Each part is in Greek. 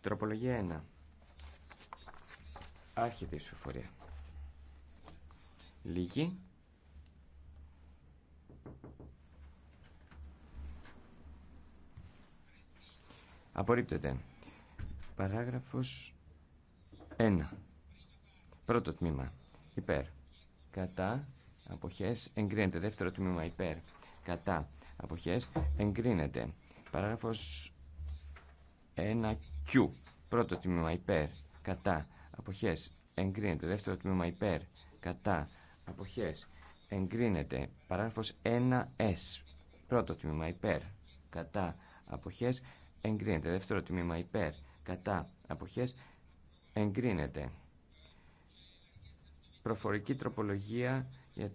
Τροπολογία 1. Άρχεται η σοφορία. Λίγη. Απορρίπτεται. Παράγραφος 1. Πρώτο τμήμα. Υπέρ. Κατά. Αποχές. Εγκρίνεται. Δεύτερο τμήμα. Υπέρ. Κατά. Αποχές. Εγκρίνεται. Παράγραφος 1 Q. Πρώτο τμήμα υπέρ, κατά, αποχές, εγκρίνεται. Δεύτερο τμήμα υπέρ, κατά, αποχές, εγκρίνεται. Παράγραφος 1S. Πρώτο τμήμα υπέρ, κατά, αποχές, εγκρίνεται. Δεύτερο τμήμα υπέρ, κατά, αποχές, εγκρίνεται. Προφορική τροπολογία για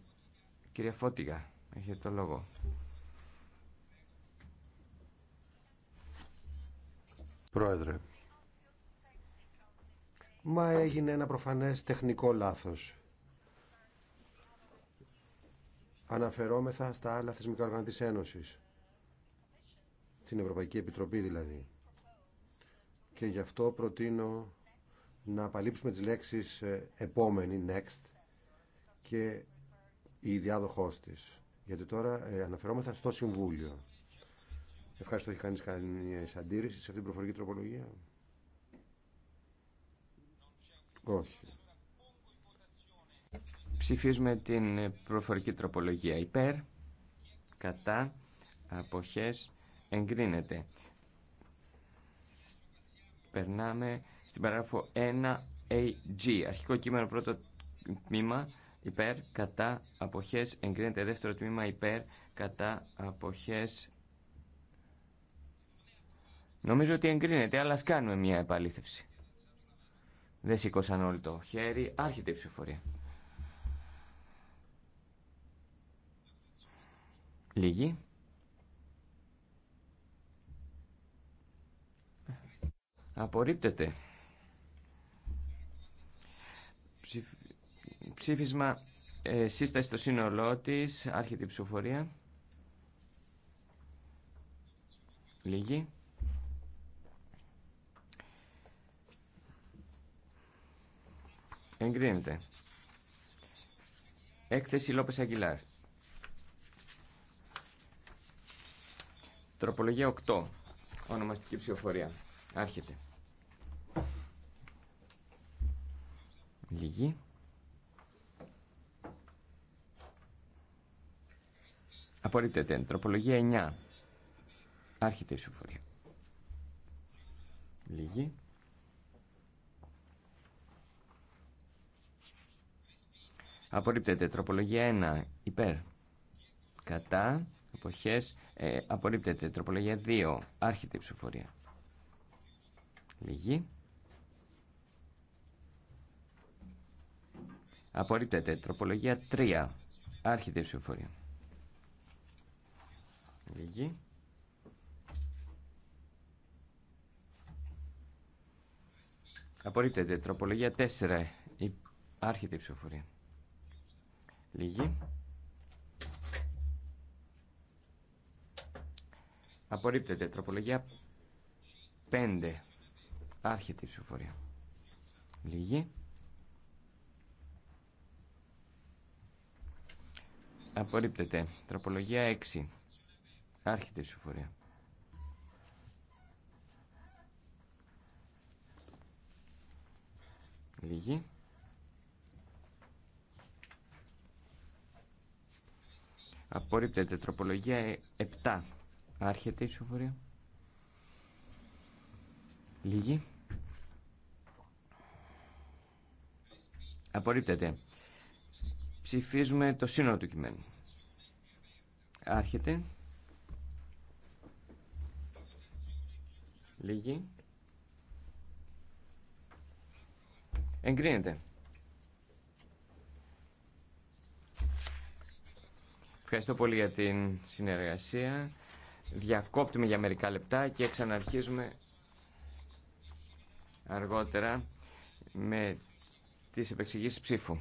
κυρία Φώτηγα. Έχετε το λόγο. Πρόεδρε, μα έγινε ένα προφανές τεχνικό λάθος. Αναφερόμεθα στα άλλα θεσμικά όργανα της Ένωσης, την Ευρωπαϊκή Επιτροπή δηλαδή. Και γι' αυτό προτείνω να απαλείψουμε τις λέξεις ε, επόμενη, next, και η διάδοχός της. Γιατί τώρα ε, αναφερόμεθα στο Συμβούλιο. Ευχαριστώ. Έχει κανεί καμία αντίρρηση σε αυτήν την προφορική τροπολογία. Όχι. Ψηφίζουμε την προφορική τροπολογία υπέρ, κατά, αποχές, εγκρίνεται. Περνάμε στην παράγραφο 1AG, αρχικό κείμενο πρώτο τμήμα, υπέρ, κατά, αποχές, εγκρίνεται. Δεύτερο τμήμα, υπέρ, κατά, αποχές, Νομίζω ότι εγκρίνεται, αλλά ας κάνουμε μια επαλήθευση. Δεν σήκωσαν όλοι το χέρι. Άρχεται η ψηφοφορία. Λίγοι. Απορρίπτεται. Ψήφισμα ε, σύσταση στο σύνολό της. Άρχεται η ψηφοφορία. Λίγοι. Εγκρίνεται. Έκθεση Λόπες Αγγιλάρ. Τροπολογία 8. Ονομαστική ψηφοφορία. Άρχεται. Λίγη. Απορρίπτεται. Τροπολογία 9. Άρχεται η ψηφοφορία. Λίγη. Απορρίπτεται. Τροπολογία 1. Υπέρ. Κατά. Αποχές. Ε, απορρίπτεται. Τροπολογία 2. Άρχεται η ψηφοφορία. Λίγη. Απορρίπτεται. Τροπολογία 3. Άρχεται η ψηφοφορία. Λίγη. Απορρίπτεται. Τροπολογία 4. Άρχεται η ψηφοφορία. Λίγη. Απορρίπτεται. Τροπολογία 5. Άρχεται η ψηφοφορία. Λίγη. Απορρίπτεται. Τροπολογία 6. Άρχεται η ψηφοφορία. Λίγη. Απορρίπτεται. Τροπολογία 7. Άρχεται η ψηφοφορία. Λίγη. Απορρίπτεται. Ψηφίζουμε το σύνολο του κειμένου. Άρχεται. Λίγη. Εγκρίνεται. Ευχαριστώ πολύ για την συνεργασία. Διακόπτουμε για μερικά λεπτά και ξαναρχίζουμε αργότερα με τις επεξηγήσεις ψήφου.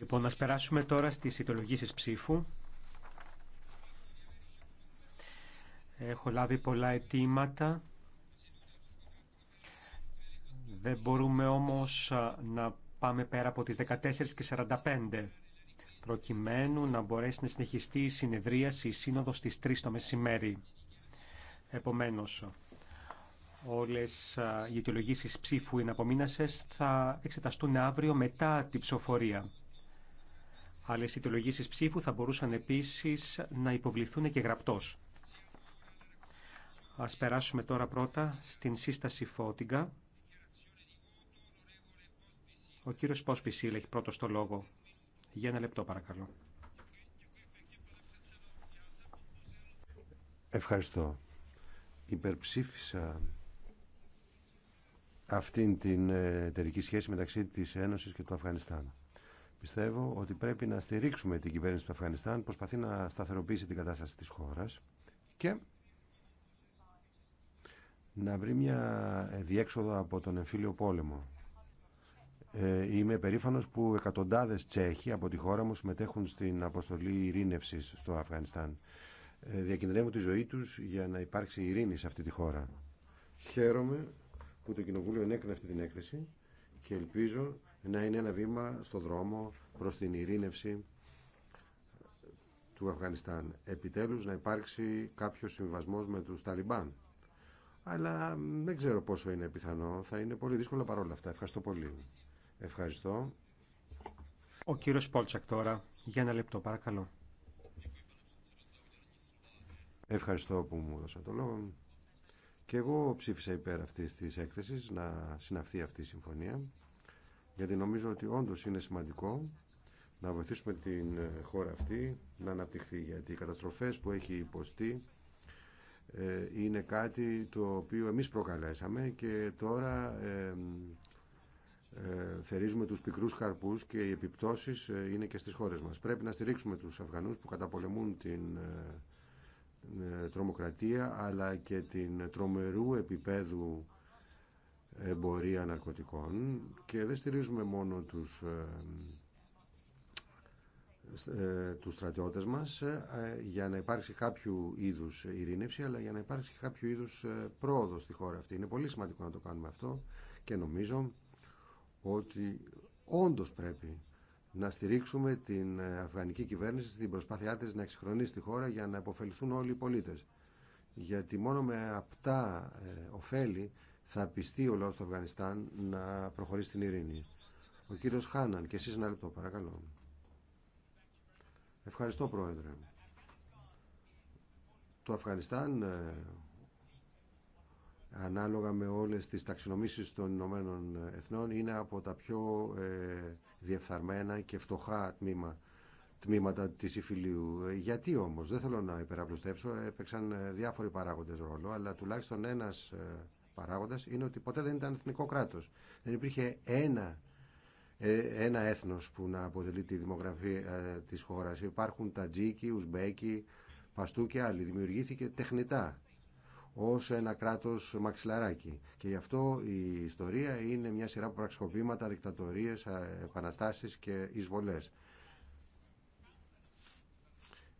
Λοιπόν, να περάσουμε τώρα στις ιτολογήσει ψήφου. Έχω λάβει πολλά αιτήματα. Δεν μπορούμε όμως να πάμε πέρα από τις 14.45 προκειμένου να μπορέσει να συνεχιστεί η συνεδρίαση η σύνοδος στις 3 το μεσημέρι. Επομένως, Όλες οι αιτιολογήσεις ψήφου είναι απομείνασες, θα εξεταστούν αύριο μετά την ψηφοφορία. Άλλε αιτιολογήσεις ψήφου θα μπορούσαν επίσης να υποβληθούν και γραπτός. Ας περάσουμε τώρα πρώτα στην σύσταση Φώτιγκα. Ο κύριος Πόσπισιλ έχει πρώτος το λόγο. Για ένα λεπτό παρακαλώ. Ευχαριστώ. Υπερψήφισα αυτήν την ε, εταιρική σχέση μεταξύ της Ένωσης και του Αφγανιστάν. Πιστεύω ότι πρέπει να στηρίξουμε την κυβέρνηση του Αφγανιστάν προσπαθεί να σταθεροποιήσει την κατάσταση της χώρας και να βρει μια ε, διέξοδο από τον εμφύλιο πόλεμο. Ε, είμαι περήφανος που εκατοντάδες Τσέχοι από τη χώρα μου συμμετέχουν στην αποστολή ειρήνευσης στο Αφγανιστάν. διακινδυνεύουν τη ζωή τους για να υπάρξει ειρήνη σε αυτή τη χώρα. Χαίρομαι που το Κοινοβούλιο ενέκρινε αυτή την έκθεση και ελπίζω να είναι ένα βήμα στο δρόμο προς την ειρήνευση του Αφγανιστάν. Επιτέλους να υπάρξει κάποιος συμβασμός με τους Ταλιμπάν. Αλλά δεν ξέρω πόσο είναι πιθανό. Θα είναι πολύ δύσκολο παρόλα αυτά. Ευχαριστώ πολύ. Ευχαριστώ. Ο κύριος Πόλτσακ τώρα. Για ένα λεπτό παρακαλώ. Ευχαριστώ που μου δώσατε το λόγο. Και εγώ ψήφισα υπέρ αυτή τη έκθεση να συναυθεί αυτή η συμφωνία γιατί νομίζω ότι όντω είναι σημαντικό να βοηθήσουμε την χώρα αυτή να αναπτυχθεί γιατί οι καταστροφές που έχει υποστεί ε, είναι κάτι το οποίο εμείς προκαλέσαμε και τώρα ε, θερίζουμε τους πικρούς καρπούς και οι επιπτώσεις ε, είναι και στις χώρες μας. Πρέπει να στηρίξουμε τους Αφγανούς που καταπολεμούν την ε, ε, τρομοκρατία αλλά και την τρομερού επίπεδου εμπορία ναρκωτικών και δεν στηρίζουμε μόνο τους, ε, ε τους στρατιώτες μας ε, για να υπάρξει κάποιο είδους ειρήνευση αλλά για να υπάρξει κάποιο είδους πρόοδο στη χώρα αυτή. Είναι πολύ σημαντικό να το κάνουμε αυτό και νομίζω ότι όντως πρέπει να στηρίξουμε την ε, αφγανική κυβέρνηση στην προσπάθειά της να εξυγχρονίσει τη χώρα για να υποφεληθούν όλοι οι πολίτες. Γιατί μόνο με απτά ε, ωφέλη θα πιστεί ο λαός του Αφγανιστάν να προχωρήσει στην ειρήνη. Ο κύριος Χάναν, και εσείς ένα λεπτό παρακαλώ. Ευχαριστώ Πρόεδρε. Το Αφγανιστάν ε, ανάλογα με όλες τις ταξινομήσεις των Ηνωμένων Εθνών είναι από τα πιο διεφθαρμένα και φτωχά τμήμα, τμήματα της Ιφιλίου. Ε, γιατί όμως, δεν θέλω να υπεραπλουστεύσω, έπαιξαν ε, διάφοροι παράγοντες ρόλο, αλλά τουλάχιστον ένας ε, παράγοντας είναι ότι ποτέ δεν ήταν εθνικό κράτος. Δεν υπήρχε ένα ένα έθνος που να αποτελεί τη δημογραφία της χώρας. Υπάρχουν Τατζίκοι, Ουσμπέκοι, Παστού και άλλοι. Δημιουργήθηκε τεχνητά ως ένα κράτος μαξιλαράκι. Και γι' αυτό η ιστορία είναι μια σειρά από πραξικοπήματα, δικτατορίες, επαναστάσεις και εισβολές.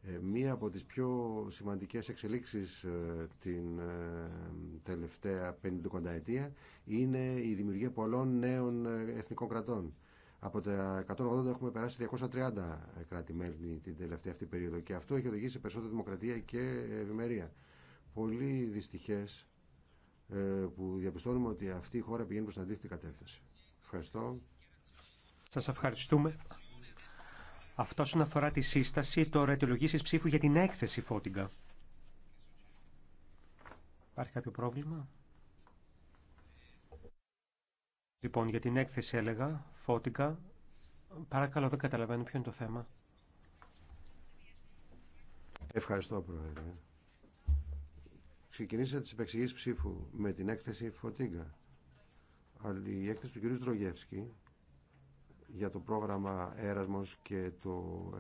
Ε, μία από τις πιο σημαντικές εξελίξεις ε, την ε, τελευταία 50 ετία είναι η δημιουργία πολλών νέων εθνικών κρατών. Από τα 180 έχουμε περάσει 230 κράτη-μέλη την τελευταία αυτή περίοδο και αυτό έχει οδηγήσει σε περισσότερη δημοκρατία και ευημερία πολύ δυστυχές ε, που διαπιστώνουμε ότι αυτή η χώρα πηγαίνει προς την αντίθετη κατεύθυνση. Ευχαριστώ. Σας ευχαριστούμε. Αυτό όσον αφορά τη σύσταση τώρα αιτιολογήσει ψήφου για την έκθεση Φώτιγκα. Υπάρχει κάποιο πρόβλημα. Λοιπόν, για την έκθεση έλεγα, Φώτιγκα, παρακαλώ δεν καταλαβαίνω ποιο είναι το θέμα. Ευχαριστώ, Πρόεδρε ξεκινήσατε τις επεξηγήσεις ψήφου με την έκθεση Φωτίγκα. Αλλά η έκθεση του κ. Στρογεύσκη για το πρόγραμμα Έρασμος και το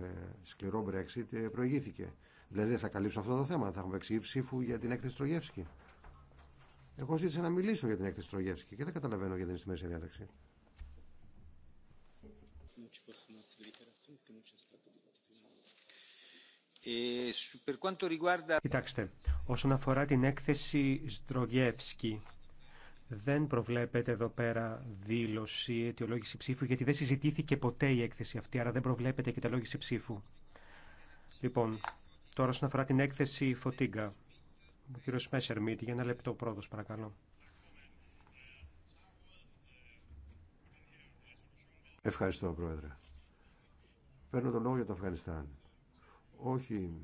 ε, σκληρό Brexit ε, προηγήθηκε. Δηλαδή θα καλύψω αυτό το θέμα, θα έχουμε εξηγήσει ψήφου για την έκθεση Στρογεύσκη. Εγώ ζήτησα να μιλήσω για την έκθεση Στρογεύσκη και δεν καταλαβαίνω γιατί είναι στη μέση διάταξη. Ε, Κοιτάξτε, όσον αφορά την έκθεση Στρογεύσκη, δεν προβλέπεται εδώ πέρα δήλωση, αιτιολόγηση ψήφου, γιατί δεν συζητήθηκε ποτέ η έκθεση αυτή, άρα δεν προβλέπεται και λόγηση ψήφου. Λοιπόν, τώρα όσον αφορά την έκθεση Φωτίγκα, ο κύριο Μέσερμιτ, για ένα λεπτό πρώτο, παρακαλώ. Ευχαριστώ, Πρόεδρε. Παίρνω τον λόγο για το Αφγανιστάν όχι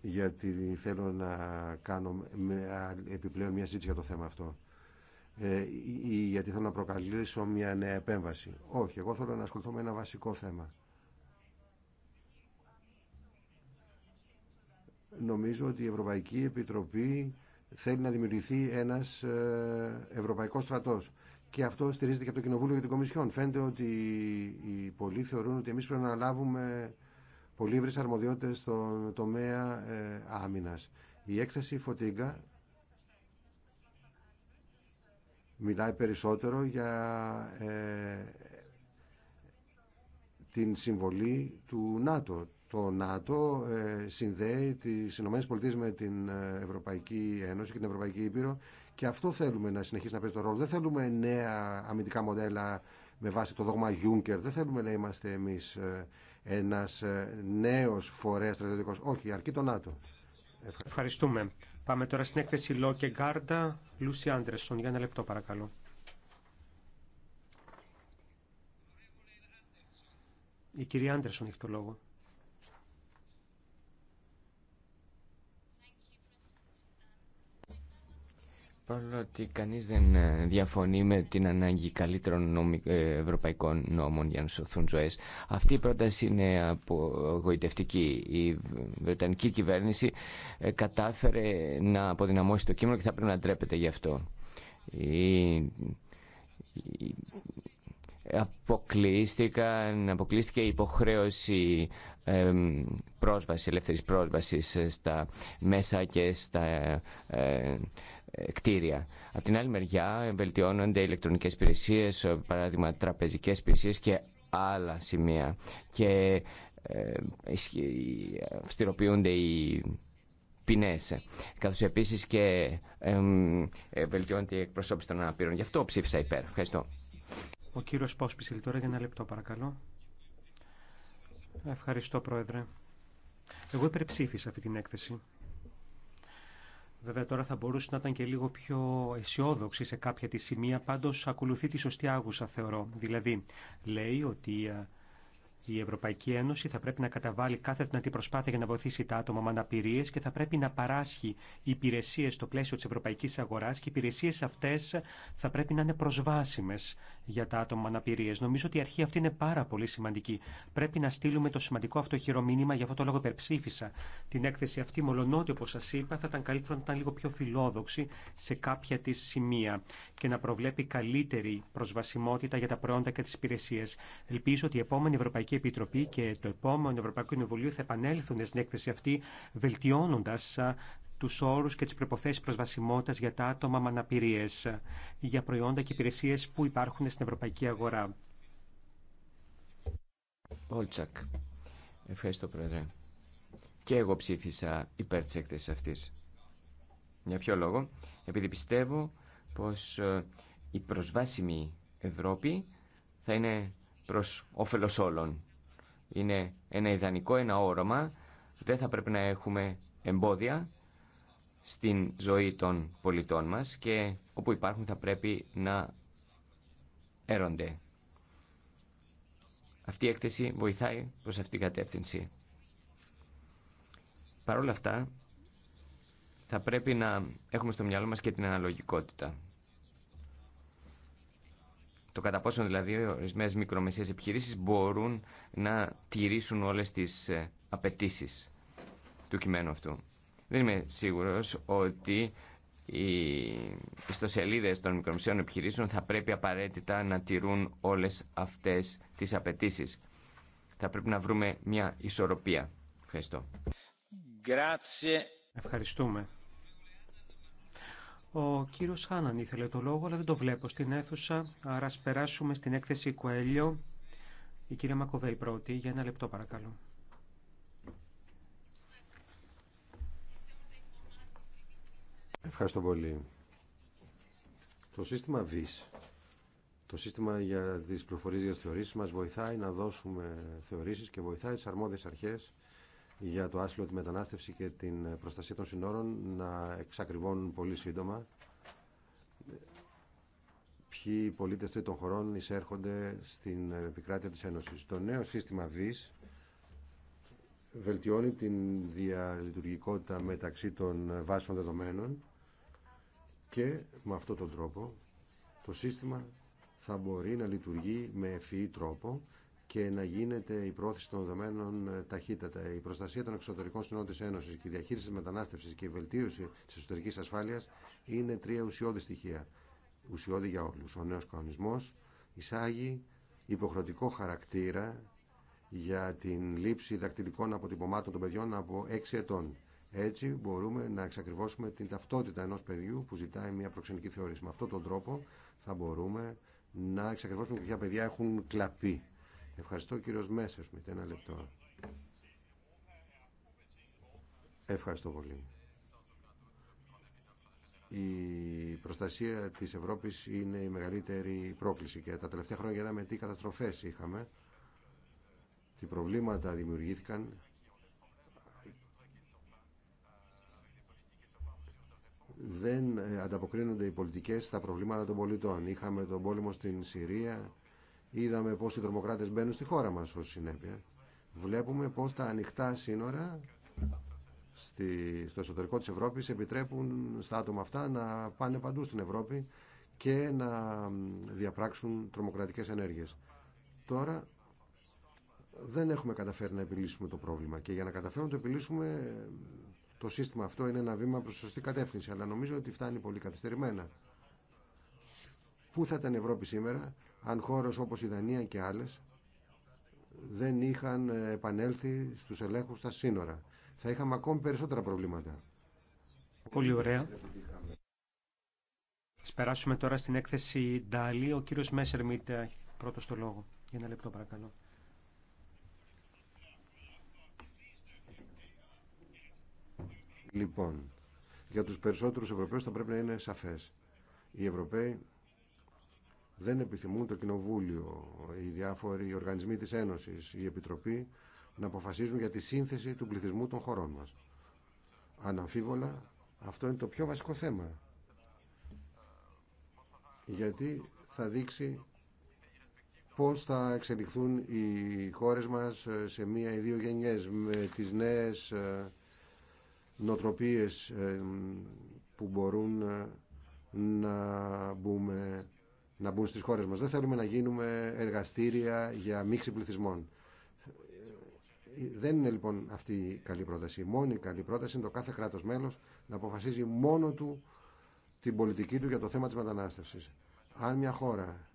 γιατί θέλω να κάνω επιπλέον μια συζήτηση για το θέμα αυτό ε, ή γιατί θέλω να προκαλέσω μια νέα επέμβαση. Όχι, εγώ θέλω να ασχοληθώ με ένα βασικό θέμα. Νομίζω ότι η Ευρωπαϊκή Επιτροπή θέλει να δημιουργηθεί ένας ε, ευρωπαϊκός στρατός και αυτό στηρίζεται και από το Κοινοβούλιο και την Κομισιόν. Φαίνεται ότι οι πολλοί θεωρούν ότι εμεί πρέπει να αναλάβουμε πολύ ευρύ αρμοδιότητε στον τομέα ε, άμυνα. Η έκθεση Φωτίγκα μιλάει περισσότερο για ε, την συμβολή του ΝΑΤΟ. Το ΝΑΤΟ ε, συνδέει τις ΗΠΑ με την ε, Ευρωπαϊκή Ένωση και την Ευρωπαϊκή Ήπειρο και αυτό θέλουμε να συνεχίσει να παίζει το ρόλο. Δεν θέλουμε νέα αμυντικά μοντέλα με βάση το δόγμα Juncker. Δεν θέλουμε να είμαστε εμεί ε, ένα ε, νέο φορέα στρατιωτικό. Όχι, αρκεί το ΝΑΤΟ. Ευχαριστούμε. Πάμε τώρα στην έκθεση Λό και Γκάρντα. Λούσι Άντρεσον, για ένα λεπτό παρακαλώ. Η κυρία Άντρεσον έχει το λόγο. Παρόλο ότι κανεί δεν ε, διαφωνεί με την ανάγκη καλύτερων ε, ευρωπαϊκών νόμων για να σωθούν ζωέ. Αυτή η πρόταση είναι απογοητευτική. Η Βρετανική κυβέρνηση ε, κατάφερε να αποδυναμώσει το κείμενο και θα πρέπει να ντρέπεται γι' αυτό. Η... Αποκλείστηκε η υποχρέωση πρόσβαση, ελεύθερης πρόσβασης στα μέσα και στα κτίρια. Από την άλλη μεριά βελτιώνονται ηλεκτρονικές υπηρεσίες, παράδειγμα τραπεζικές υπηρεσίες και άλλα σημεία και ε, αυστηροποιούνται οι ποινές, καθώς επίσης και ε, βελτιώνεται η εκπροσώπηση των αναπήρων. Γι' αυτό ψήφισα υπέρ. Ευχαριστώ. Ο κύριος Πόσπισιλ τώρα για ένα λεπτό παρακαλώ. Ευχαριστώ Πρόεδρε. Εγώ υπερψήφισα αυτή την έκθεση. Βέβαια τώρα θα μπορούσε να ήταν και λίγο πιο αισιόδοξη σε κάποια τη σημεία, πάντως ακολουθεί τη σωστή άγουσα θεωρώ. Δηλαδή λέει ότι η Ευρωπαϊκή Ένωση θα πρέπει να καταβάλει κάθε δυνατή προσπάθεια για να βοηθήσει τα άτομα με αναπηρίε και θα πρέπει να παράσχει υπηρεσίε στο πλαίσιο τη ευρωπαϊκή αγορά και οι υπηρεσίε αυτέ θα πρέπει να είναι προσβάσιμε για τα άτομα με αναπηρίε. Νομίζω ότι η αρχή αυτή είναι πάρα πολύ σημαντική. Πρέπει να στείλουμε το σημαντικό αυτό χειρομήνυμα, γι' αυτό το λόγο υπερψήφισα την έκθεση αυτή, μολονότι όπω σα είπα θα ήταν καλύτερο να ήταν λίγο πιο φιλόδοξη σε κάποια τη σημεία και να προβλέπει καλύτερη προσβασιμότητα για τα προϊόντα και τι υπηρεσίε. Ελπίζω ότι η επόμενη Ευρωπαϊκή Ευρωπαϊκή Επιτροπή και το επόμενο Ευρωπαϊκό Κοινοβουλίο θα επανέλθουν στην έκθεση αυτή, βελτιώνοντα του όρου και τι προποθέσει προσβασιμότητα για τα άτομα με αναπηρίε, για προϊόντα και υπηρεσίε που υπάρχουν στην ευρωπαϊκή αγορά. Ολτσακ. Ευχαριστώ, Πρόεδρε. Και εγώ ψήφισα υπέρ τη έκθεση αυτή. Για ποιο λόγο, επειδή πιστεύω πως ε, η προσβάσιμη Ευρώπη θα είναι προς όφελος όλων είναι ένα ιδανικό, ένα όρομα. Δεν θα πρέπει να έχουμε εμπόδια στην ζωή των πολιτών μας και όπου υπάρχουν θα πρέπει να έρονται. Αυτή η έκθεση βοηθάει προς αυτήν την κατεύθυνση. Παρ' όλα αυτά, θα πρέπει να έχουμε στο μυαλό μας και την αναλογικότητα. Το κατά πόσο δηλαδή ορισμένε μικρομεσαίες επιχειρήσει μπορούν να τηρήσουν όλες τις ε, απαιτήσει του κειμένου αυτού. Δεν είμαι σίγουρο ότι οι ιστοσελίδε των μικρομεσαίων επιχειρήσεων θα πρέπει απαραίτητα να τηρούν όλες αυτές τις απαιτήσει. Θα πρέπει να βρούμε μια ισορροπία. Ευχαριστώ. Ευχαριστούμε. Ο κύριος Χάναν ήθελε το λόγο, αλλά δεν το βλέπω στην αίθουσα, άρα ας περάσουμε στην έκθεση Κουέλιο. Η κυρία Μακοβέη πρώτη, για ένα λεπτό παρακαλώ. Ευχαριστώ πολύ. Το σύστημα ΒΙΣ, το σύστημα για τις πληροφορίες για τις θεωρήσεις μας βοηθάει να δώσουμε θεωρήσεις και βοηθάει τις αρμόδιες αρχές για το άσυλο, τη μετανάστευση και την προστασία των συνόρων να εξακριβώνουν πολύ σύντομα ποιοι πολίτες τρίτων χωρών εισέρχονται στην επικράτεια της Ένωσης. Το νέο σύστημα ΒΙΣ βελτιώνει την διαλειτουργικότητα μεταξύ των βάσεων δεδομένων και με αυτόν τον τρόπο το σύστημα θα μπορεί να λειτουργεί με ευφυή τρόπο και να γίνεται η πρόθεση των δεδομένων ε, ταχύτατα. Η προστασία των εξωτερικών συνόρων τη Ένωση και η διαχείριση τη μετανάστευση και η βελτίωση τη εσωτερική ασφάλεια είναι τρία ουσιώδη στοιχεία. Ουσιώδη για όλου. Ο νέο κανονισμό εισάγει υποχρεωτικό χαρακτήρα για την λήψη δακτυλικών αποτυπωμάτων των παιδιών από 6 ετών. Έτσι μπορούμε να εξακριβώσουμε την ταυτότητα ενός παιδιού που ζητάει μια προξενική θεώρηση. Με αυτόν τον τρόπο θα μπορούμε να εξακριβώσουμε ποια παιδιά έχουν κλαπεί. Ευχαριστώ κύριο Μέσα με ένα λεπτό. Ευχαριστώ πολύ. Η προστασία της Ευρώπης είναι η μεγαλύτερη πρόκληση και τα τελευταία χρόνια είδαμε τι καταστροφές είχαμε, τι προβλήματα δημιουργήθηκαν δεν ανταποκρίνονται οι πολιτικές στα προβλήματα των πολιτών. Είχαμε τον πόλεμο στην Συρία, Είδαμε πώς οι τρομοκράτες μπαίνουν στη χώρα μας ω συνέπεια. Βλέπουμε πώς τα ανοιχτά σύνορα στη, στο εσωτερικό της Ευρώπης επιτρέπουν στα άτομα αυτά να πάνε παντού στην Ευρώπη και να διαπράξουν τρομοκρατικέ ενέργειες. Τώρα δεν έχουμε καταφέρει να επιλύσουμε το πρόβλημα και για να καταφέρουμε να το επιλύσουμε το σύστημα αυτό είναι ένα βήμα προς σωστή κατεύθυνση αλλά νομίζω ότι φτάνει πολύ καθυστερημένα. Πού θα ήταν η Ευρώπη σήμερα αν χώρες όπως η Δανία και άλλες δεν είχαν επανέλθει στους ελέγχους στα σύνορα. Θα είχαμε ακόμη περισσότερα προβλήματα. Πολύ ωραία. Ας περάσουμε τώρα στην έκθεση Ντάλι. Ο κύριος Μέσερμιτ ε, πρώτος το λόγο. Για ένα λεπτό παρακαλώ. Λοιπόν, για τους περισσότερους Ευρωπαίους θα πρέπει να είναι σαφές. Οι Ευρωπαίοι δεν επιθυμούν το Κοινοβούλιο, οι διάφοροι οργανισμοί της Ένωσης, η Επιτροπή να αποφασίζουν για τη σύνθεση του πληθυσμού των χωρών μας. Αναμφίβολα, αυτό είναι το πιο βασικό θέμα. Γιατί θα δείξει πώς θα εξελιχθούν οι χώρες μας σε μία ή δύο γενιές με τις νέες ε, νοτροπίες ε, που μπορούν ε, να μπούμε να μπουν στις χώρες μας. Δεν θέλουμε να γίνουμε εργαστήρια για μίξη πληθυσμών. Δεν είναι λοιπόν αυτή η καλή πρόταση. Η μόνη καλή πρόταση είναι το κάθε κράτος μέλος να αποφασίζει μόνο του την πολιτική του για το θέμα της μετανάστευσης. Αν μια χώρα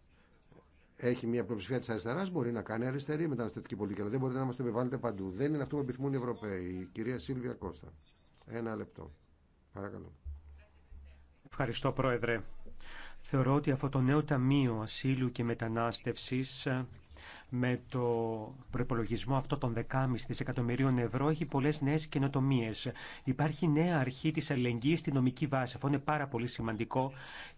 έχει μια πλειοψηφία τη αριστερά, μπορεί να κάνει αριστερή μεταναστευτική πολιτική, αλλά δεν μπορείτε να μα το επιβάλλετε παντού. Δεν είναι αυτό που επιθυμούν οι Ευρωπαίοι. Η κυρία Σίλβια Κώστα. Ένα λεπτό. Παρακαλώ. Ευχαριστώ, Πρόεδρε. Θεωρώ ότι αυτό το νέο Ταμείο Ασύλου και Μετανάστευσης με το προπολογισμό αυτό των 10,5 εκατομμυρίων ευρώ έχει πολλές νέες καινοτομίες. Υπάρχει νέα αρχή της αλληλεγγύης στη νομική βάση. Αυτό είναι πάρα πολύ σημαντικό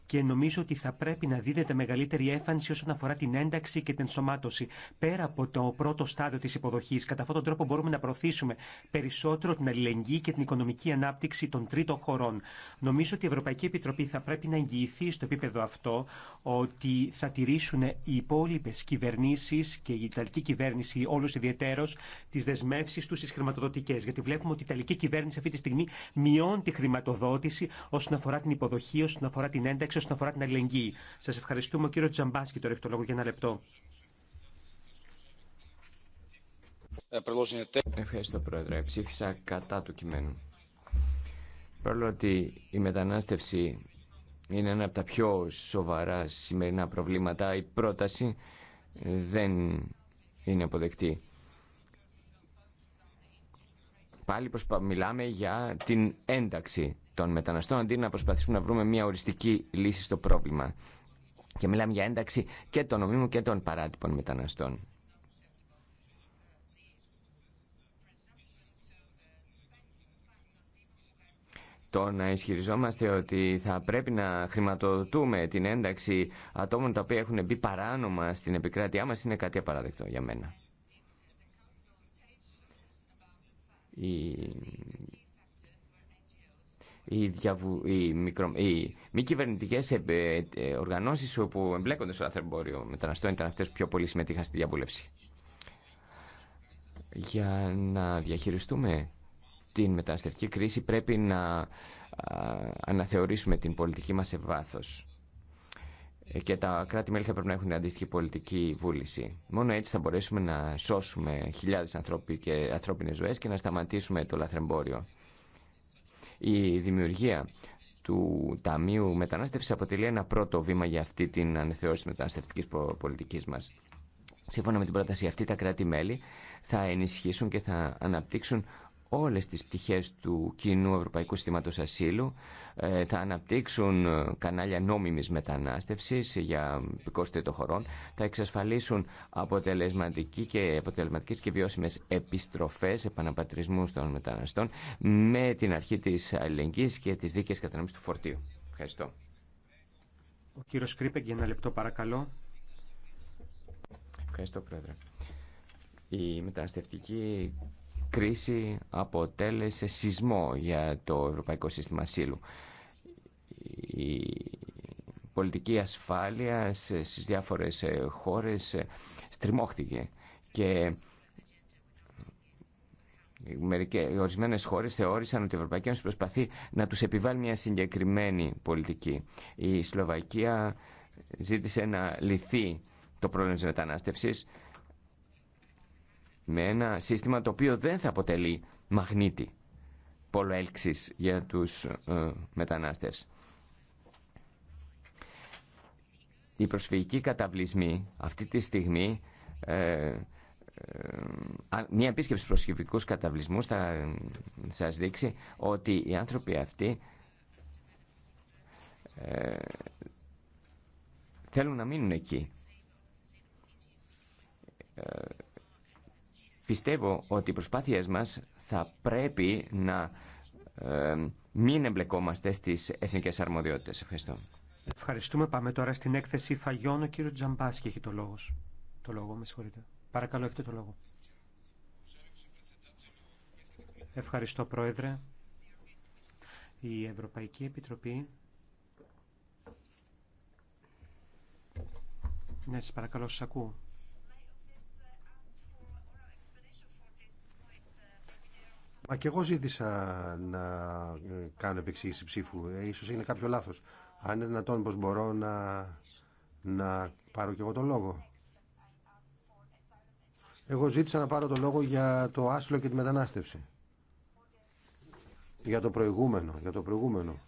και νομίζω ότι θα πρέπει να δίδεται μεγαλύτερη έφανση όσον αφορά την ένταξη και την ενσωμάτωση. Πέρα από το πρώτο στάδιο της υποδοχής, κατά αυτόν τον τρόπο μπορούμε να προωθήσουμε περισσότερο την αλληλεγγύη και την οικονομική ανάπτυξη των τρίτων χωρών. Νομίζω ότι η Ευρωπαϊκή Επιτροπή θα πρέπει να εγγυηθεί στο επίπεδο αυτό ότι θα τηρήσουν οι υπόλοιπε κυβερνήσει και η Ιταλική κυβέρνηση όλου ιδιαίτερω τι δεσμεύσει του στι χρηματοδοτικέ. Γιατί βλέπουμε ότι η Ιταλική κυβέρνηση αυτή τη στιγμή μειώνει τη χρηματοδότηση όσον αφορά την υποδοχή, όσον αφορά την ένταξη, όσον αφορά την αλληλεγγύη. Σα ευχαριστούμε. Ο κύριο Τζαμπάσκη τώρα έχει το λόγο για ένα λεπτό. Ευχαριστώ, Πρόεδρε. Ψήφισα κατά του κειμένου. Παρόλο ότι η μετανάστευση είναι ένα από τα πιο σοβαρά σημερινά προβλήματα, η πρόταση δεν είναι αποδεκτή. Πάλι προσπα... μιλάμε για την ένταξη των μεταναστών αντί να προσπαθήσουμε να βρούμε μια οριστική λύση στο πρόβλημα. Και μιλάμε για ένταξη και των νομίμων και των παράτυπων μεταναστών. Το να ισχυριζόμαστε ότι θα πρέπει να χρηματοδοτούμε την ένταξη ατόμων τα οποία έχουν μπει παράνομα στην επικράτειά μας είναι κάτι απαράδεκτο για μένα. Οι, οι, διαβου... οι, μικρο... οι μη κυβερνητικέ ε, ε, οργανώσει που εμπλέκονται στο λαθρεμπόριο μεταναστών ήταν αυτέ που πιο πολύ συμμετείχαν στη διαβούλευση. Για να διαχειριστούμε την μεταναστευτική κρίση πρέπει να αναθεωρήσουμε την πολιτική μας σε βάθος. Ε, και τα κράτη-μέλη θα πρέπει να έχουν αντίστοιχη πολιτική βούληση. Μόνο έτσι θα μπορέσουμε να σώσουμε χιλιάδες ανθρώπι και ανθρώπινες ζωές και να σταματήσουμε το λαθρεμπόριο. Η δημιουργία του Ταμείου Μετανάστευση αποτελεί ένα πρώτο βήμα για αυτή την ανεθεώρηση τη μεταναστευτική πολιτική μα. Σύμφωνα με την πρόταση αυτή, τα κράτη-μέλη θα ενισχύσουν και θα αναπτύξουν όλες τις πτυχές του κοινού Ευρωπαϊκού Συστήματος Ασύλου, ε, θα αναπτύξουν ε, κανάλια νόμιμης μετανάστευσης για των χωρών, θα εξασφαλίσουν αποτελεσματική και, αποτελεσματικές και βιώσιμες επιστροφές επαναπατρισμού των μεταναστών με την αρχή της αλληλεγγύης και της δίκαιης κατανομής του φορτίου. Ευχαριστώ. Ο κύριος Κρύπεγγ, ένα λεπτό παρακαλώ. Ευχαριστώ, Πρόεδρε. Η μεταναστευτική κρίση αποτέλεσε σεισμό για το Ευρωπαϊκό Σύστημα Ασύλου. Η πολιτική ασφάλεια στις διάφορες ε, χώρες ε, στριμώχτηκε και Μερικές, ορισμένες χώρες θεώρησαν ότι η Ευρωπαϊκή Ένωση προσπαθεί να τους επιβάλλει μια συγκεκριμένη πολιτική. Η Σλοβακία ζήτησε να λυθεί το πρόβλημα της μετανάστευσης με ένα σύστημα το οποίο δεν θα αποτελεί μαγνήτη πολλοέλξης για τους ε, μετανάστες. Οι προσφυγικοί καταβλισμοί αυτή τη στιγμή ε, ε μια επίσκεψη στους προσφυγικούς καταβλισμούς θα ε, σας δείξει ότι οι άνθρωποι αυτοί θέλουν να μείνουν εκεί. Πιστεύω ότι οι προσπάθειές μας θα πρέπει να ε, μην εμπλεκόμαστε στις εθνικές αρμοδιότητες. Ευχαριστώ. Ευχαριστούμε. Πάμε τώρα στην έκθεση Φαγιών. Ο κύριος Τζαμπάσκη έχει το λόγο. Το λόγο, με συγχωρείτε. Παρακαλώ, έχετε το λόγο. Ευχαριστώ, Πρόεδρε. Η Ευρωπαϊκή Επιτροπή... Ναι, σας παρακαλώ, σας ακούω. Μα και εγώ ζήτησα να κάνω επεξήγηση ψήφου. Ε, ίσως είναι κάποιο λάθος. Αν είναι δυνατόν πως μπορώ να, να πάρω και εγώ τον λόγο. Εγώ ζήτησα να πάρω τον λόγο για το άσυλο και τη μετανάστευση. Για το προηγούμενο, για το προηγούμενο.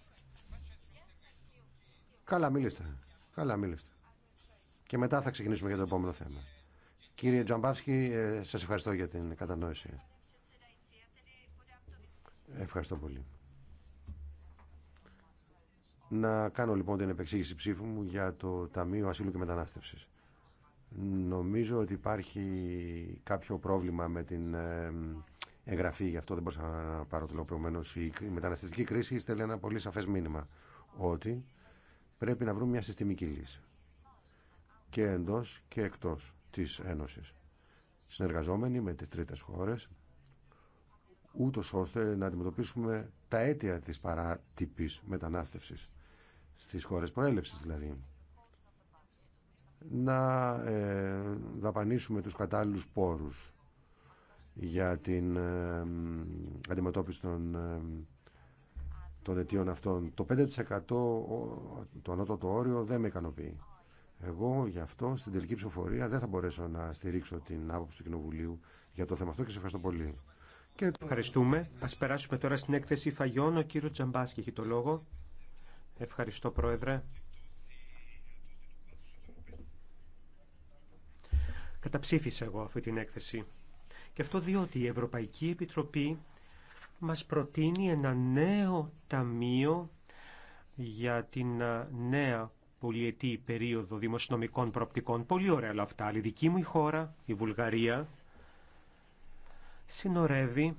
Καλά μίληστε, καλά μίληστε. Και μετά θα ξεκινήσουμε για το επόμενο θέμα. Κύριε Τζαμπάσκι, ε, σας ευχαριστώ για την κατανόηση. Ευχαριστώ πολύ. Να κάνω λοιπόν την επεξήγηση ψήφου μου για το Ταμείο Ασύλου και Μετανάστευσης. Νομίζω ότι υπάρχει κάποιο πρόβλημα με την ε, εγγραφή, γι' αυτό δεν μπορούσα να πάρω το λόγο προηγουμένως. Η μεταναστευτική κρίση στέλνει ένα πολύ σαφές μήνυμα ότι πρέπει να βρούμε μια συστημική λύση και εντός και εκτός της Ένωσης. Συνεργαζόμενοι με τις τρίτες χώρες ούτω ώστε να αντιμετωπίσουμε τα αίτια της παράτυπης μετανάστευσης στις χώρες προέλευσης δηλαδή. Να ε, δαπανίσουμε τους κατάλληλους πόρους για την ε, αντιμετώπιση ε, των, αιτίων αυτών. Το 5% το ανώτατο όριο δεν με ικανοποιεί. Εγώ γι' αυτό στην τελική ψηφοφορία δεν θα μπορέσω να στηρίξω την άποψη του Κοινοβουλίου για το θέμα αυτό και σε ευχαριστώ πολύ. Και... Ευχαριστούμε. Ας περάσουμε τώρα στην έκθεση Φαγιών. Ο κύριο Τζαμπάσκη έχει το λόγο. Ευχαριστώ, Πρόεδρε. Καταψήφισα εγώ αυτή την έκθεση. Και αυτό διότι η Ευρωπαϊκή Επιτροπή μας προτείνει ένα νέο ταμείο για την ε, νέα πολιετή περίοδο δημοσιονομικών προοπτικών. Πολύ ωραία όλα αυτά. η δική μου χώρα, η Βουλγαρία, συνορεύει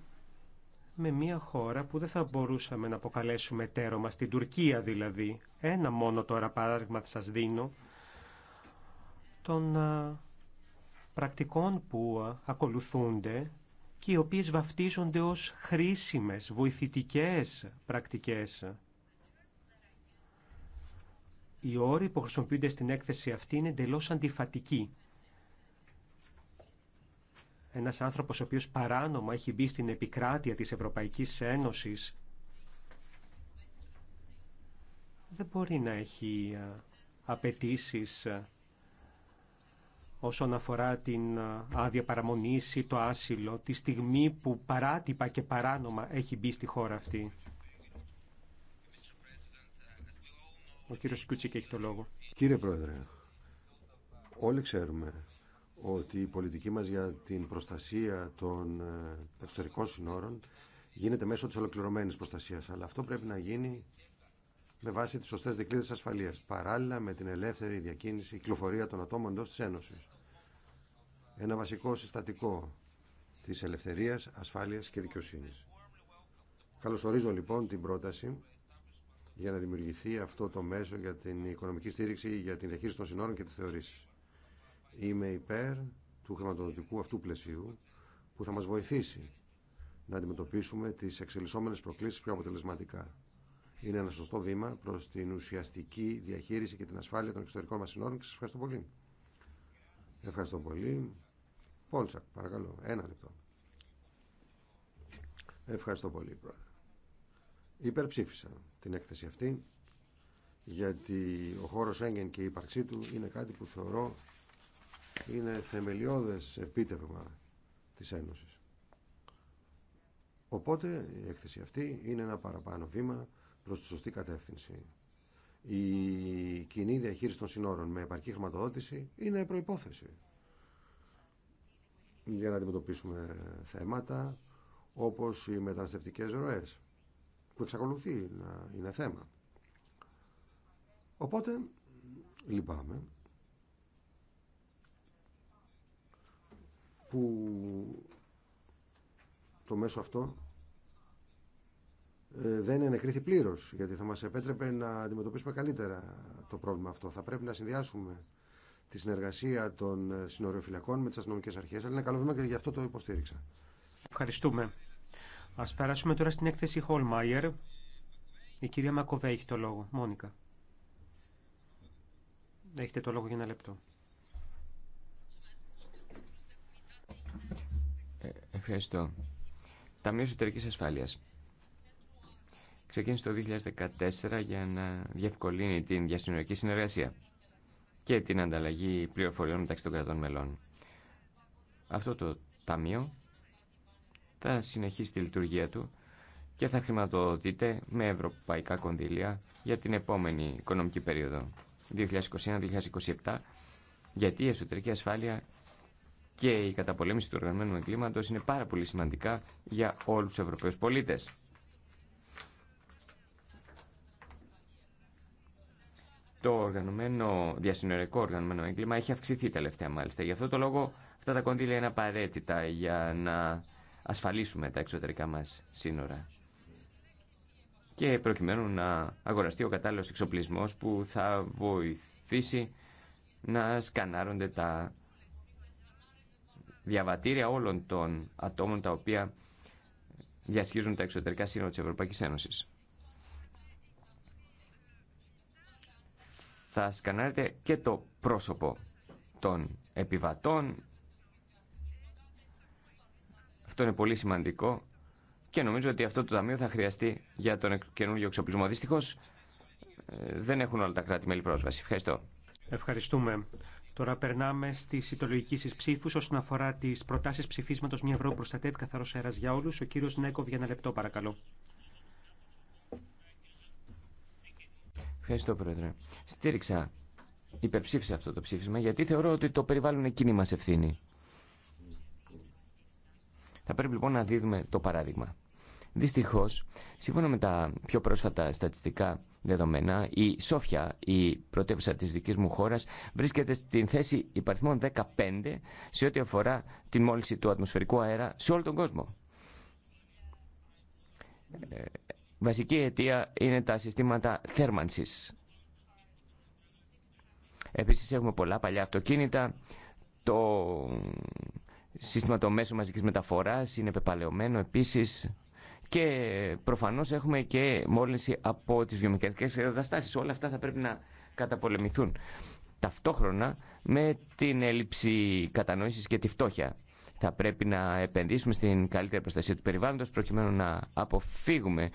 με μια χώρα που δεν θα μπορούσαμε να αποκαλέσουμε τέρο μας, την Τουρκία δηλαδή. Ένα μόνο τώρα παράδειγμα θα σας δίνω των πρακτικών που ακολουθούνται και οι οποίες βαφτίζονται ως χρήσιμες, βοηθητικές πρακτικές. Οι όροι που χρησιμοποιούνται στην έκθεση αυτή είναι εντελώ αντιφατικοί ένας άνθρωπος ο οποίος παράνομα έχει μπει στην επικράτεια της Ευρωπαϊκής Ένωσης δεν μπορεί να έχει απαιτήσει όσον αφορά την άδεια παραμονής ή το άσυλο τη στιγμή που παράτυπα και παράνομα έχει μπει στη χώρα αυτή. Ο κύριος Σκούτσικ έχει το λόγο. Κύριε Πρόεδρε, όλοι ξέρουμε ότι η πολιτική μας για την προστασία των ε, εξωτερικών συνόρων γίνεται μέσω της ολοκληρωμένης προστασίας. Αλλά αυτό πρέπει να γίνει με βάση τις σωστές δικλείδες ασφαλείας, παράλληλα με την ελεύθερη διακίνηση, κυκλοφορία των ατόμων εντός της Ένωσης. Ένα βασικό συστατικό της ελευθερίας, ασφάλειας και δικαιοσύνης. Καλωσορίζω λοιπόν την πρόταση για να δημιουργηθεί αυτό το μέσο για την οικονομική στήριξη, για την διαχείριση των συνόρων και τις θεωρήσεις. Είμαι υπέρ του χρηματοδοτικού αυτού πλαισίου που θα μας βοηθήσει να αντιμετωπίσουμε τις εξελισσόμενες προκλήσεις πιο αποτελεσματικά. Είναι ένα σωστό βήμα προς την ουσιαστική διαχείριση και την ασφάλεια των εξωτερικών μας συνόρων ευχαριστώ πολύ. Ευχαριστώ πολύ. Πόλτσακ, παρακαλώ. Ένα λεπτό. Ευχαριστώ πολύ, Πρόεδρε. Υπερψήφισα την έκθεση αυτή, γιατί ο χώρος έγκεν και η ύπαρξή του είναι κάτι που θεωρώ είναι θεμελιώδες επίτευγμα της Ένωσης. Οπότε η έκθεση αυτή είναι ένα παραπάνω βήμα προς τη σωστή κατεύθυνση. Η κοινή διαχείριση των συνόρων με επαρκή χρηματοδότηση είναι προϋπόθεση για να αντιμετωπίσουμε θέματα όπως οι μεταναστευτικές ροές που εξακολουθεί να είναι θέμα. Οπότε λυπάμαι που το μέσο αυτό ε, δεν ενεκρίθη πλήρω, γιατί θα μα επέτρεπε να αντιμετωπίσουμε καλύτερα το πρόβλημα αυτό. Θα πρέπει να συνδυάσουμε τη συνεργασία των ε, συνοριοφυλακών με τι αστυνομικέ αρχέ, αλλά είναι καλό βήμα και γι' αυτό το υποστήριξα. Ευχαριστούμε. Α περάσουμε τώρα στην έκθεση Χολμάιερ. Η κυρία Μακοβέ έχει το λόγο. Μόνικα. Έχετε το λόγο για ένα λεπτό. Ευχαριστώ. Ταμείο Εσωτερική Ασφάλεια. Ξεκίνησε το 2014 για να διευκολύνει την διασυνορική συνεργασία και την ανταλλαγή πληροφοριών μεταξύ των κρατών μελών. Αυτό το ταμείο θα συνεχίσει τη λειτουργία του και θα χρηματοδοτείται με ευρωπαϊκά κονδύλια για την επόμενη οικονομική περίοδο 2021-2027 γιατί η εσωτερική ασφάλεια και η καταπολέμηση του οργανωμένου εγκλήματο είναι πάρα πολύ σημαντικά για όλους τους Ευρωπαίους πολίτες. Το οργανωμένο, διασυνορικό οργανωμένο έγκλημα έχει αυξηθεί τελευταία μάλιστα. Γι' αυτό το λόγο αυτά τα κονδύλια είναι απαραίτητα για να ασφαλίσουμε τα εξωτερικά μας σύνορα και προκειμένου να αγοραστεί ο κατάλληλος εξοπλισμός που θα βοηθήσει να σκανάρονται τα διαβατήρια όλων των ατόμων τα οποία διασχίζουν τα εξωτερικά σύνορα της Ευρωπαϊκής Ένωσης. Θα σκανάρετε και το πρόσωπο των επιβατών. Αυτό είναι πολύ σημαντικό και νομίζω ότι αυτό το ταμείο θα χρειαστεί για τον καινούργιο εξοπλισμό. Δυστυχώ ε, δεν έχουν όλα τα κράτη-μέλη πρόσβαση. Ευχαριστώ. Ευχαριστούμε. Τώρα περνάμε στη συντολογική ψήφου όσον αφορά τι προτάσει ψηφίσματο Μια Ευρώπη προστατεύει καθαρό αέρα για όλου. Ο κύριο Νέκοβ για ένα λεπτό, παρακαλώ. Ευχαριστώ, Πρόεδρε. Στήριξα, υπερψήφισα αυτό το ψήφισμα γιατί θεωρώ ότι το περιβάλλον εκείνη μα ευθύνη. Θα πρέπει λοιπόν να δίδουμε το παράδειγμα. Δυστυχώ, σύμφωνα με τα πιο πρόσφατα στατιστικά δεδομένα, η Σόφια, η πρωτεύουσα της δικής μου χώρας, βρίσκεται στην θέση υπαριθμών 15 σε ό,τι αφορά την μόλυνση του ατμοσφαιρικού αέρα σε όλο τον κόσμο. Ε, βασική αιτία είναι τα συστήματα θέρμανσης. Επίσης έχουμε πολλά παλιά αυτοκίνητα. Το σύστημα το μέσο μαζικής μεταφοράς είναι πεπαλαιωμένο επίσης. Και προφανώς έχουμε και μόλυνση από τις βιομηχανικέ καταστάσει. Όλα αυτά θα πρέπει να καταπολεμηθούν ταυτόχρονα με την έλλειψη κατανόηση και τη φτώχεια. Θα πρέπει να επενδύσουμε στην καλύτερη προστασία του περιβάλλοντος προκειμένου να αποφύγουμε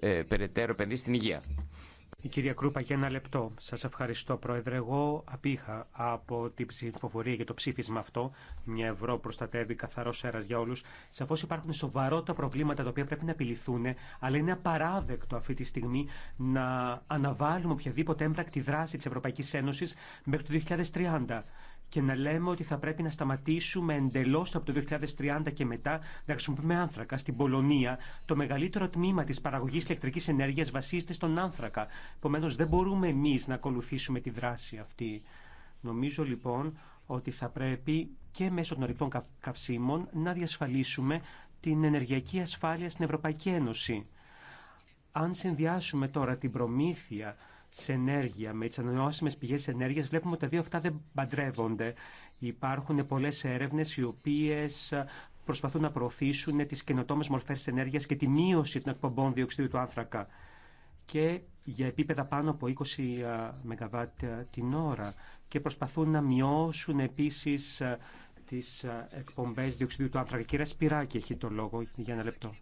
ε, περαιτέρω επενδύσεις στην υγεία. Η κυρία Κρούπα για ένα λεπτό. Σας ευχαριστώ Πρόεδρε. Εγώ απήχα από την ψηφοφορία για το ψήφισμα αυτό. Μια ευρώ προστατεύει καθαρό αέρα για όλους. Σαφώ υπάρχουν σοβαρότα προβλήματα τα οποία πρέπει να επιληθούν, αλλά είναι απαράδεκτο αυτή τη στιγμή να αναβάλουμε οποιαδήποτε έμπρακτη δράση τη Ευρωπαϊκή Ένωση μέχρι το 2030 και να λέμε ότι θα πρέπει να σταματήσουμε εντελώ από το 2030 και μετά να χρησιμοποιούμε άνθρακα. Στην Πολωνία, το μεγαλύτερο τμήμα τη παραγωγή ηλεκτρική ενέργεια βασίζεται στον άνθρακα. Επομένω, δεν μπορούμε εμεί να ακολουθήσουμε τη δράση αυτή. Νομίζω λοιπόν ότι θα πρέπει και μέσω των ορεικτών καυσίμων να διασφαλίσουμε την ενεργειακή ασφάλεια στην Ευρωπαϊκή Ένωση. Αν συνδυάσουμε τώρα την προμήθεια σε ενέργεια, με τι ανανεώσιμε πηγέ ενέργεια, βλέπουμε ότι τα δύο αυτά δεν παντρεύονται. Υπάρχουν πολλέ έρευνε οι οποίε προσπαθούν να προωθήσουν τι καινοτόμε μορφέ τη ενέργεια και τη μείωση των εκπομπών διοξιδίου του άνθρακα. Και για επίπεδα πάνω από 20 ΜΒ την ώρα. Και προσπαθούν να μειώσουν επίση τι εκπομπέ διοξιδίου του άνθρακα. Κυρία Σπυράκη έχει το λόγο για ένα λεπτό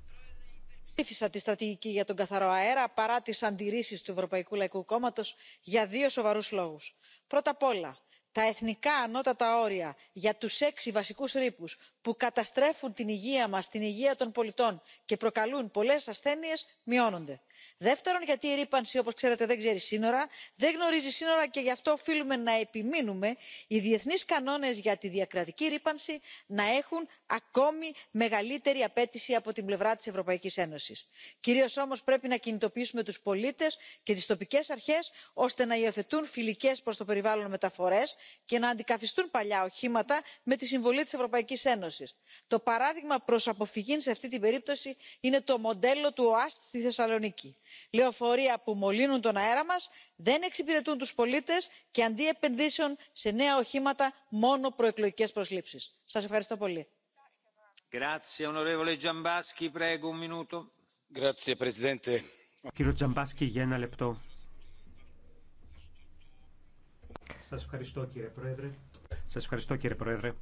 ψήφισα τη στρατηγική για τον καθαρό αέρα παρά τις αντιρρήσεις του ευρωπαϊκού λαϊκού κόμματος για δύο σοβαρούς λόγους. πρώτα απ' όλα τα εθνικά ανώτατα όρια για τους έξι βασικούς ρήπους που καταστρέφουν την υγεία μας την υγεία των πολιτών και προκαλούν πολλές ασθένειες μειώνονται δεύτερον γιατί η ρήπανση όπως ξέρετε δεν ξέρει σύνορα δεν γνωρίζει σύνορα και γι' αυτό οφείλουμε να επιμείνουμε οι διεθνείς κανόνες για τη διακρατική ρήπανση να έχουν ακόμη μεγαλύτερη απέτηση από την πλευρά της ευρωπαϊκής ένωσης. κυρίως όμως πρέπει να κινητοποιήσουμε τους πολίτες και τις τοπικές αρχές ώστε να υιοθετούν φιλικές προς το περιβάλλον μεταφορές και να αντικαθιστούν παλιά οχήματα με τη συμβολή της ευρωπαϊκής ένωσης. το παράδειγμα προς αποφυγήν σε αυτή την περίπτωση είναι το μοντέλο του οαστ στη θεσσαλονίκη όχι. λεωφορεία που μολύνουν τον αέρα μας δεν εξυπηρετούν τους πολίτες και αντί επενδύσεων σε νέα οχήματα μόνο προεκλογικές προσλήψεις. σας ευχαριστώ πολύ. Κύριο Τζαμπάσκι, για ένα λεπτό. Σας ευχαριστώ κύριε Πρόεδρε. Σας ευχαριστώ κύριε Πρόεδρε.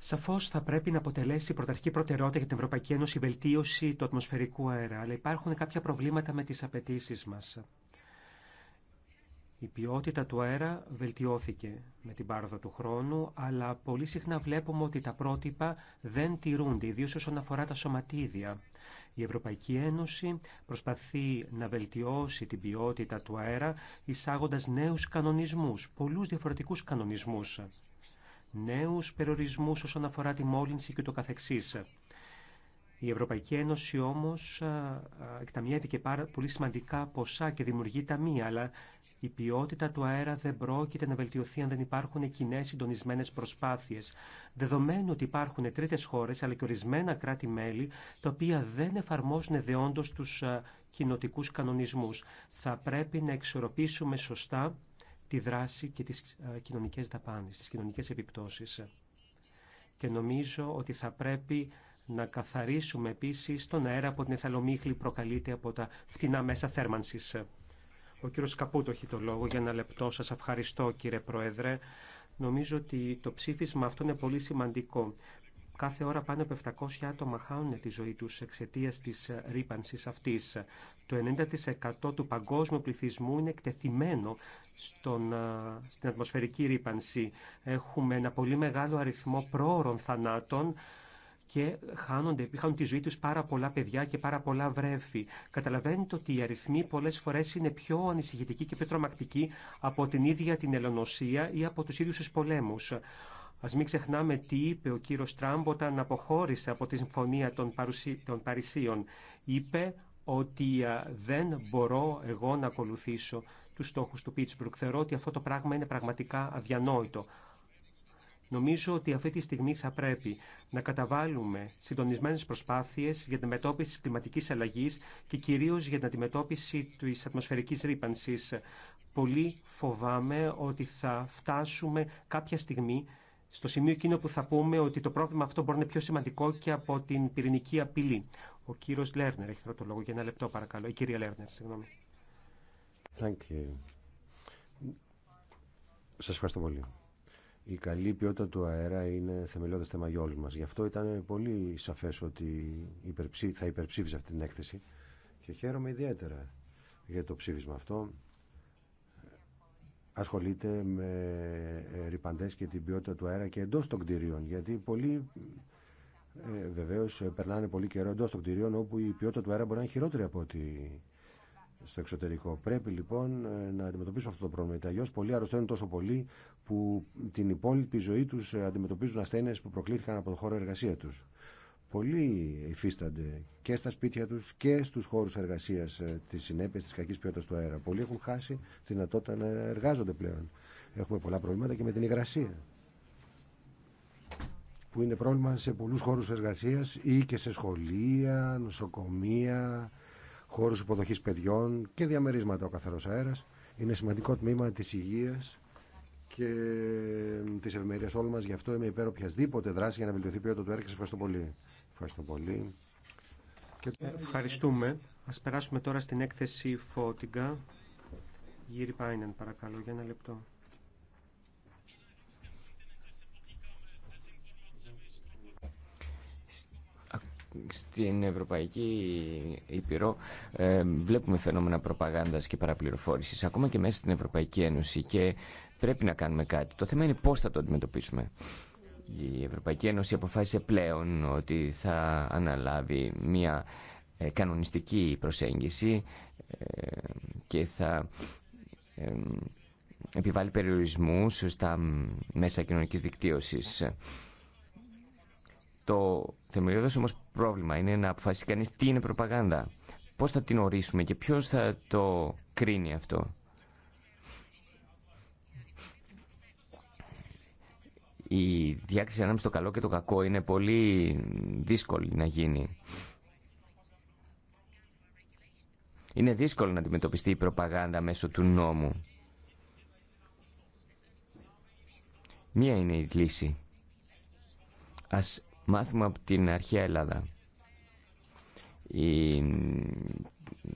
Σαφώ θα πρέπει να αποτελέσει πρωταρχική προτεραιότητα για την Ευρωπαϊκή Ένωση η βελτίωση του ατμοσφαιρικού αέρα, αλλά υπάρχουν κάποια προβλήματα με τι απαιτήσει μα. Η ποιότητα του αέρα βελτιώθηκε με την πάροδο του χρόνου, αλλά πολύ συχνά βλέπουμε ότι τα πρότυπα δεν τηρούνται, ιδίω όσον αφορά τα σωματίδια. Η Ευρωπαϊκή Ένωση προσπαθεί να βελτιώσει την ποιότητα του αέρα εισάγοντα νέου κανονισμού, πολλού διαφορετικού κανονισμού νέους περιορισμούς όσον αφορά τη μόλυνση και το καθεξής. Η Ευρωπαϊκή Ένωση όμως εκταμιεύει και πάρα πολύ σημαντικά ποσά και δημιουργεί ταμεία, αλλά η ποιότητα του αέρα δεν πρόκειται να βελτιωθεί αν δεν υπάρχουν κοινέ συντονισμένε προσπάθειε. Δεδομένου ότι υπάρχουν τρίτε χώρε αλλά και ορισμένα κράτη-μέλη τα οποία δεν εφαρμόζουν δεόντω του κοινοτικού κανονισμού. Θα πρέπει να εξορροπήσουμε σωστά τη δράση και τις ε, κοινωνικές δαπάνες, τις κοινωνικές επιπτώσεις. Και νομίζω ότι θα πρέπει να καθαρίσουμε επίσης τον αέρα από την εθαλομίχλη προκαλείται από τα φτηνά μέσα θέρμανσης. Ο κύριος Καπούτο έχει το λόγο για ένα λεπτό. Σας ευχαριστώ κύριε Πρόεδρε. Νομίζω ότι το ψήφισμα αυτό είναι πολύ σημαντικό. Κάθε ώρα πάνω από 700 άτομα χάνουν τη ζωή τους εξαιτία της ρήπανσης αυτής. Το 90% του παγκόσμιου πληθυσμού είναι εκτεθειμένο στον, στην ατμοσφαιρική ρήπανση. Έχουμε ένα πολύ μεγάλο αριθμό πρόωρων θανάτων και χάνονται, χάνουν τη ζωή τους πάρα πολλά παιδιά και πάρα πολλά βρέφη. Καταλαβαίνετε ότι οι αριθμοί πολλές φορές είναι πιο ανησυχητικοί και πιο τρομακτικοί από την ίδια την ελονοσία ή από τους ίδιους τους πολέμους. Α μην ξεχνάμε τι είπε ο κύριο Τραμπ όταν αποχώρησε από τη Συμφωνία των, Παρουσί... των Παρισίων. Είπε ότι δεν μπορώ εγώ να ακολουθήσω του στόχου του Πίτσμπουργκ. Θεωρώ ότι αυτό το πράγμα είναι πραγματικά αδιανόητο. Νομίζω ότι αυτή τη στιγμή θα πρέπει να καταβάλουμε συντονισμένες προσπάθειες για την αντιμετώπιση της κλιματικής αλλαγής και κυρίως για την αντιμετώπιση της ατμοσφαιρικής ρήπανσης. Πολύ φοβάμαι ότι θα φτάσουμε κάποια στιγμή στο σημείο εκείνο που θα πούμε ότι το πρόβλημα αυτό μπορεί να είναι πιο σημαντικό και από την πυρηνική απειλή. Ο κύριο Λέρνερ έχει πρώτο λόγο για ένα λεπτό, παρακαλώ. Η κυρία Λέρνερ, συγγνώμη. Thank Σας ευχαριστώ πολύ. Η καλή ποιότητα του αέρα είναι θεμελιώδε θέμα για όλου μα. Γι' αυτό ήταν πολύ σαφέ ότι θα υπερψήφιζε αυτή την έκθεση και χαίρομαι ιδιαίτερα για το ψήφισμα αυτό ασχολείται με ε, ρηπαντές και την ποιότητα του αέρα και εντός των κτηρίων γιατί πολλοί ε, βεβαίως περνάνε πολύ καιρό εντό των κτηρίων όπου η ποιότητα του αέρα μπορεί να είναι χειρότερη από ότι στο εξωτερικό. Πρέπει λοιπόν ε, να αντιμετωπίσουμε αυτό το πρόβλημα. Γιατί αλλιώ πολλοί αρρωσταίνουν τόσο πολύ που την υπόλοιπη ζωή του ε, αντιμετωπίζουν ασθένειε που προκλήθηκαν από το χώρο εργασία του πολλοί υφίστανται και στα σπίτια του και στου χώρου εργασία ε, τι συνέπειε τη κακή ποιότητα του αέρα. Πολλοί έχουν χάσει τη δυνατότητα να εργάζονται πλέον. Έχουμε πολλά προβλήματα και με την υγρασία που είναι πρόβλημα σε πολλού χώρου εργασία ή και σε σχολεία, νοσοκομεία, χώρου υποδοχή παιδιών και διαμερίσματα ο καθαρός αέρα Είναι σημαντικό τμήμα τη υγεία και ε, τη ευημερία όλων μα. Γι' αυτό είμαι υπέρ οποιασδήποτε δράση για να βελτιωθεί η ποιότητα του έργου. Σα ευχαριστώ πολύ. Ευχαριστώ πολύ. Ε, ευχαριστούμε. Ας περάσουμε τώρα στην έκθεση Φώτιγκα. Γύρι Πάινεν, παρακαλώ, για ένα λεπτό. στην Ευρωπαϊκή Ήπειρο ε, βλέπουμε φαινόμενα προπαγάνδας και παραπληροφόρησης ακόμα και μέσα στην Ευρωπαϊκή Ένωση και πρέπει να κάνουμε κάτι. Το θέμα είναι πώς θα το αντιμετωπίσουμε. Η Ευρωπαϊκή Ένωση αποφάσισε πλέον ότι θα αναλάβει μια ε, κανονιστική προσέγγιση ε, και θα επιβάλλει περιορισμούς στα μέσα κοινωνικής δικτύωσης. Το θεμελιώδες όμως πρόβλημα είναι να αποφασίσει κανείς τι είναι προπαγάνδα. Πώς θα την ορίσουμε και ποιος θα το κρίνει αυτό. η διάκριση ανάμεσα στο καλό και το κακό είναι πολύ δύσκολη να γίνει. Είναι δύσκολο να αντιμετωπιστεί η προπαγάνδα μέσω του νόμου. Μία είναι η λύση. Ας μάθουμε από την αρχαία Ελλάδα η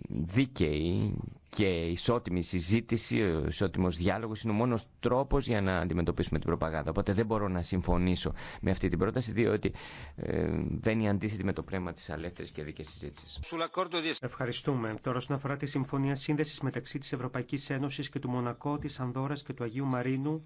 δίκαιη και ισότιμη συζήτηση, ο ισότιμο διάλογο είναι ο μόνο τρόπο για να αντιμετωπίσουμε την προπαγάνδα. Οπότε δεν μπορώ να συμφωνήσω με αυτή την πρόταση, διότι ε, δεν είναι αντίθετη με το πνεύμα τη αλεύθερη και δίκαιη συζήτηση. Ευχαριστούμε. Τώρα όσον αφορά τη Συμφωνία σύνδεση μεταξύ τη Ευρωπαϊκή Ένωση και του Μονακό, τη Ανδόρα και του Αγίου Μαρίνου,